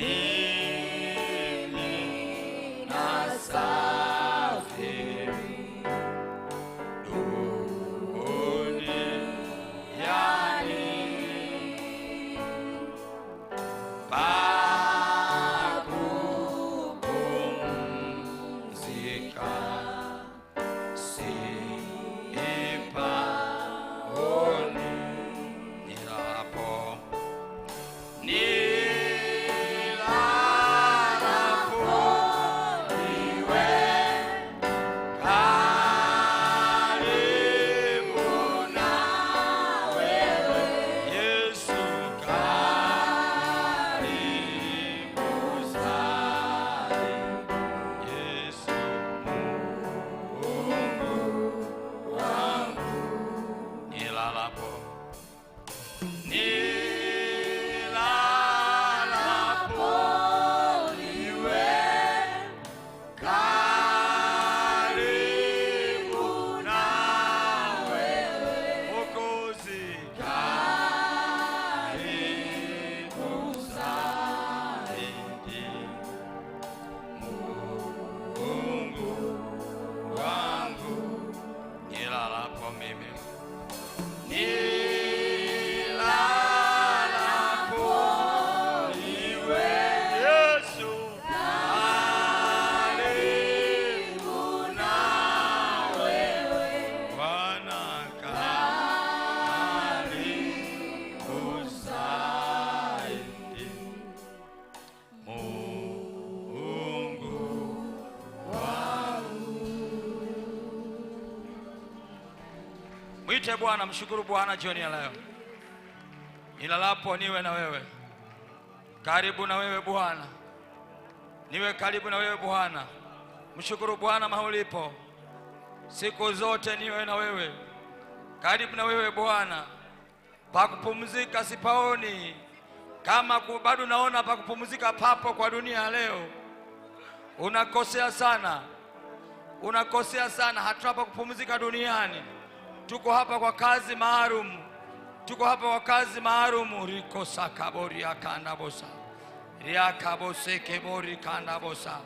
me. Mwite Bwana, mshukuru Bwana jioni ya leo. Nilalapo niwe na wewe, karibu na wewe Bwana, niwe karibu na wewe Bwana. Mshukuru Bwana maulipo siku zote niwe na wewe, karibu na wewe Bwana. Pakupumzika sipaoni, kama bado naona pakupumzika papo kwa dunia leo. Unakosea sana, unakosea sana, hatuna pa kupumzika duniani. Tuko hapa kwa kazi maalum, tuko hapa kwa kazi maalum. rikosakaboriakandabosa riakabosekeborikandabosa.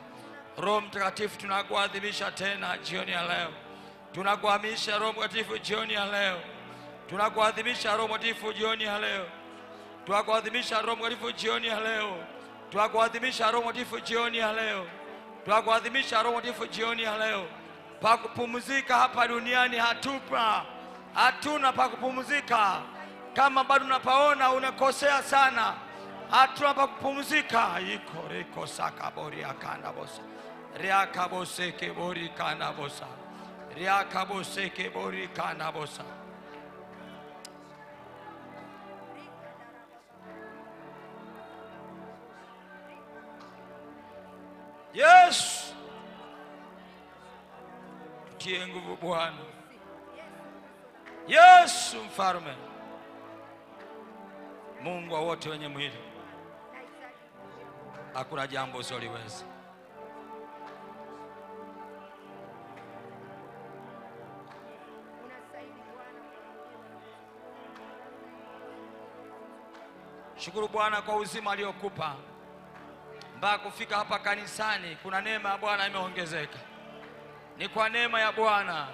Roho Mtakatifu, tunakuadhimisha tena jioni ya leo, tunakuhamisha Roho Mtakatifu jioni ya leo, tunakuadhimisha Roho Mtakatifu jioni ya leo, tunakuadhimisha Roho Mtakatifu jioni ya leo, tunakuadhimisha Roho Mtakatifu jioni ya leo, tunakuadhimisha Roho Mtakatifu jioni ya leo. Pa kupumzika hapa duniani hatupa hatuna pa kupumzika. Kama bado unapaona unakosea sana, hatuna pa kupumzika. iko riko sakaboriakandabosa riakabosekeborikandabosa riakabosekeborikandabosa Yesu, tutie nguvu Bwana. Yesu mfalme, Mungu wa wote wenye mwili, hakuna jambo usioliweza Shukuru Bwana kwa uzima aliokupa mpaka kufika hapa kanisani. Kuna neema ya Bwana imeongezeka, ni kwa neema ya Bwana.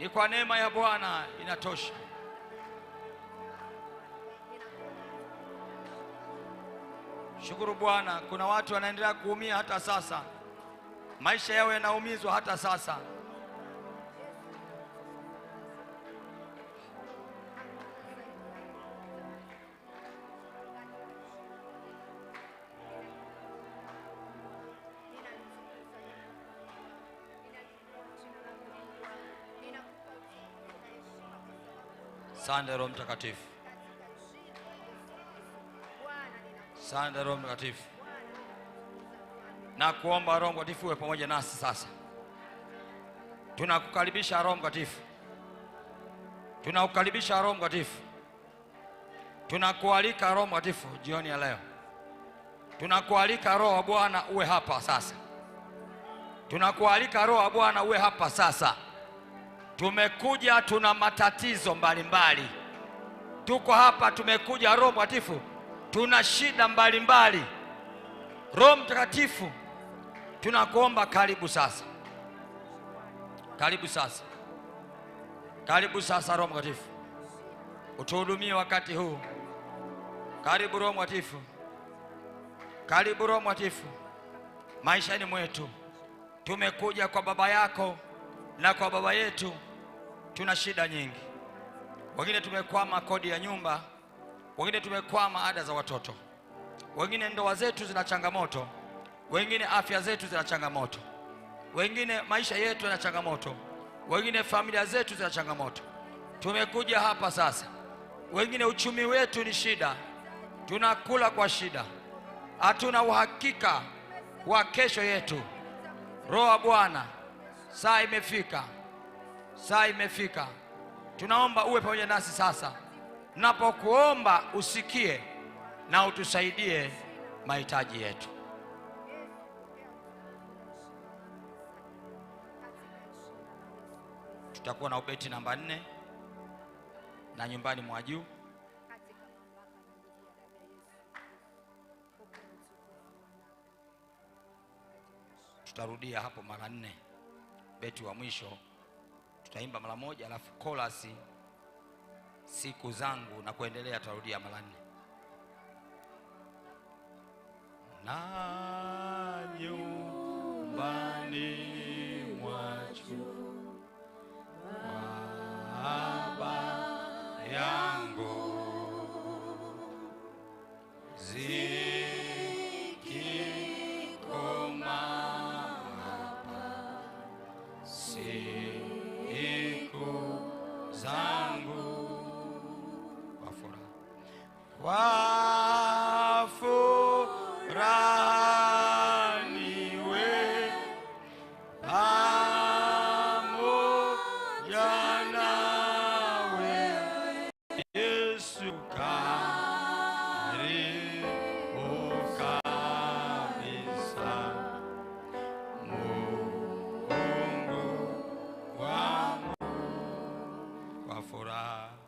Ni kwa neema ya Bwana inatosha. Shukuru Bwana, kuna watu wanaendelea kuumia hata sasa, maisha yao yanaumizwa hata sasa. Sande Roho Mtakatifu, sande Roho Mtakatifu. Na kuomba Roho Mtakatifu uwe pamoja nasi sasa. Tunakukaribisha Roho Mtakatifu, tunakukaribisha Roho Mtakatifu, tunakualika Roho Mtakatifu jioni ya leo, tunakualika Roho wa Bwana uwe hapa sasa, tunakualika Roho wa Bwana uwe hapa sasa. Tumekuja tuna matatizo mbalimbali mbali. Tuko hapa tumekuja, Roho Mtakatifu, tuna shida mbalimbali. Roho Mtakatifu, tunakuomba karibu sasa, karibu sasa, karibu sasa. Roho Mtakatifu, utuhudumie wakati huu. Karibu Roho Mtakatifu, karibu Roho Mtakatifu maishani mwetu. Tumekuja kwa baba yako na kwa baba yetu tuna shida nyingi, wengine tumekwama kodi ya nyumba, wengine tumekwama ada za watoto, wengine ndoa zetu zina changamoto, wengine afya zetu zina changamoto, wengine maisha yetu yana changamoto, wengine familia zetu zina changamoto. Tumekuja hapa sasa, wengine uchumi wetu ni shida, tunakula kwa shida, hatuna uhakika wa kesho yetu. Roho wa Bwana, saa imefika saa imefika. Tunaomba uwe pamoja nasi sasa, napokuomba usikie na utusaidie mahitaji yetu. Tutakuwa na ubeti namba nne na nyumbani mwa juu. Tutarudia hapo mara nne, beti wa mwisho tutaimba mara moja, alafu chorus siku zangu na kuendelea, tutarudia mara nne na nyumbani Hallelujah.